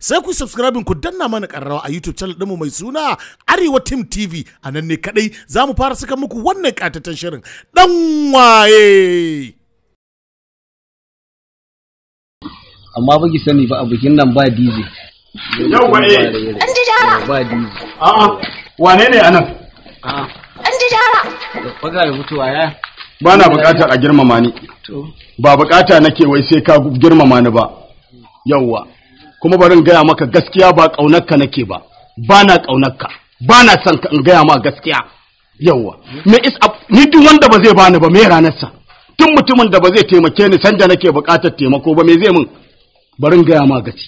sai ku subscribing ku danna mana karrawa a YouTube channel ɗinmu mai suna Arewa Team TV a nan ne kadai za mu fara saka muku wannan katatan shirin dan waye amma ki sani ba abokin bikin nan ba DJ yau ba eh an ji jara ba DJ a'a wane ne anan an ji jara baga ya mutuwa ya ba na bukata a girmama ni to ba bukata nake wai sai ka girmama ni ba yauwa kuma bari in gaya maka gaskiya ba ƙaunarka nake ba ba na ƙaunarka ba na son ka in gaya ma gaskiya yawa me is ni duk wanda ba zai bani ba me ranar sa, tun mutumin da ba zai taimake ni sanda nake buƙatar taimako ba me zai min in gaya ma gaci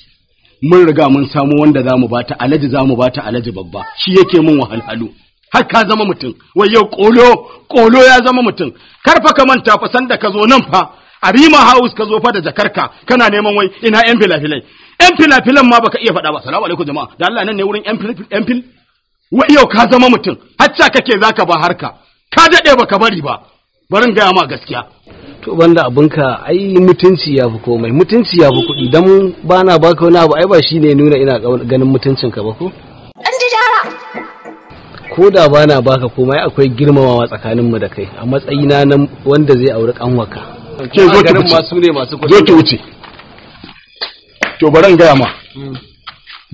mun riga mun samu wanda za mu bata alaji za mu bata alaji babba shi yake mun wahalhalu har ka zama mutum wai yau kolo kolo ya zama mutum kar fa ka manta fa sanda ka zo nan fa a rima house ka zo fa da jakarka kana neman wai ina yan filafilai yan filafilan ma baka iya faɗa ba salamu alaikum jama'a da Allah nan ne wurin yan fil wa yau ka zama mutum hacca kake ka ba harka ka daɗe ba ka bari ba barin gaya ma gaskiya to banda abinka ai mutunci ya fi komai mutunci ya fi kuɗi don ba na baka wani abu ai ba shi ne nuna ina ganin ka ba ko an ji jara ko da ba na baka komai akwai girmamawa tsakaninmu da kai a matsayina na wanda zai auri ƙanwaka. ke zo ki wuce to bari in gaya ma hmm.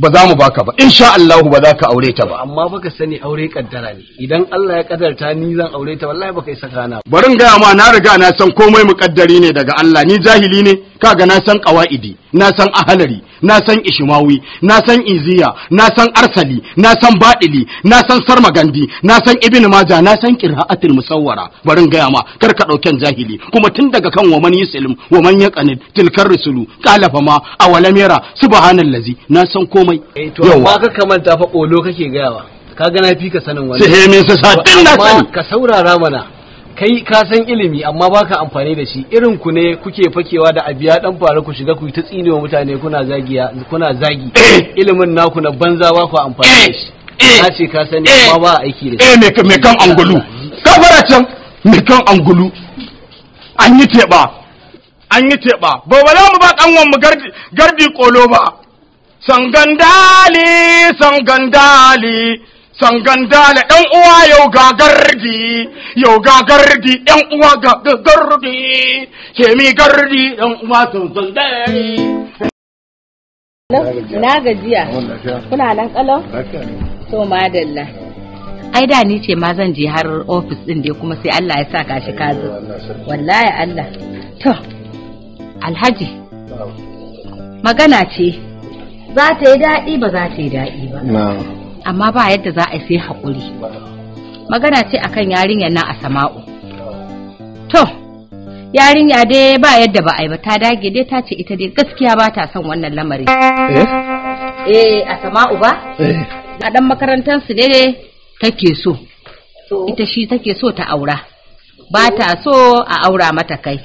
ba za mu baka ba insha Allah ba za ka aure ta ba amma baka sani aure kaddara ne idan Allah ya kaddarta ni zan aure ta wallahi baka isa kana barin gaya ma na riga na san komai muƙaddari ne daga Allah ni jahili ne kaga na san ƙawa'idi, na san ahalari na san ishmawi na san iziya na san arsali na san baɗili, na san sarmagandi na san ibn maja na san qira'atul musawwara barin gaya ma kar ka dauken jahili kuma tun daga kan waman yuslim waman yaqani tilkar rusulu qala ma awalam yara subhanallazi na san komai yawa ka kamanta fa kolo kake gaya wa kaga na fi ka sanin wani sai me sa din na sani ka saurara mana kai ka san ilimi amma baka amfani da shi irin ku ne kuke fakewa da abiya dan fara ku shiga ku yi ta wa mutane kuna zagiya kuna zagi eh. ilimin naku na banza ba ku amfani da shi ka eh. eh. ce ka sani amma ba aiki da shi eh me kan angulu ka fara can me kan angulu an yi teba an yi teba ba ba za mu ba kanwan mu gardi gardi kolo ba sangandali sangandali sangandala ɗan uwa yau ga gardi yau ga gardi ɗan uwa ke mi gardi ɗan uwa sangandari na gajiya kuna nan kalau to madalla ai da ni ce ma zan je har ofis ɗin dai kuma sai Allah ya sa ka shi kazo wallahi Allah to alhaji magana ce za ta yi daɗi ba za ta yi daɗi ba amma ba yadda za a sai haƙuri magana ce akan yarinyar nan a sama'u to yarinya dai ba yadda ba a yi ba ta dage dai ta ce ita dai gaskiya ba ta son wannan lamari eh? Eh, eh a sama'u ba a ɗan su dai take so ita shi take so ta aura ba ta so a aura mata kai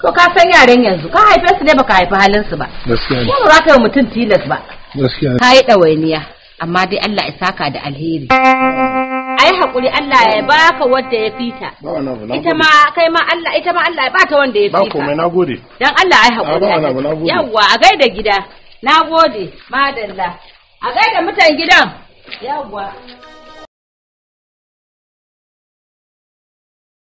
to ka san yaren yanzu ka haife su ne baka haifi halin su ba gaskiya ba ka mutum tilas ba gaskiya ka yi ɗawainiya amma dai Allah ya saka da alheri ai hakuri Allah ya baka wanda ya fita ita ma kai ma Allah ita ma Allah ya bata wanda ya fita ba komai nagode dan Allah ai hakuri yawa a gaida gida nagode madalla a gaida mutan gidan yawa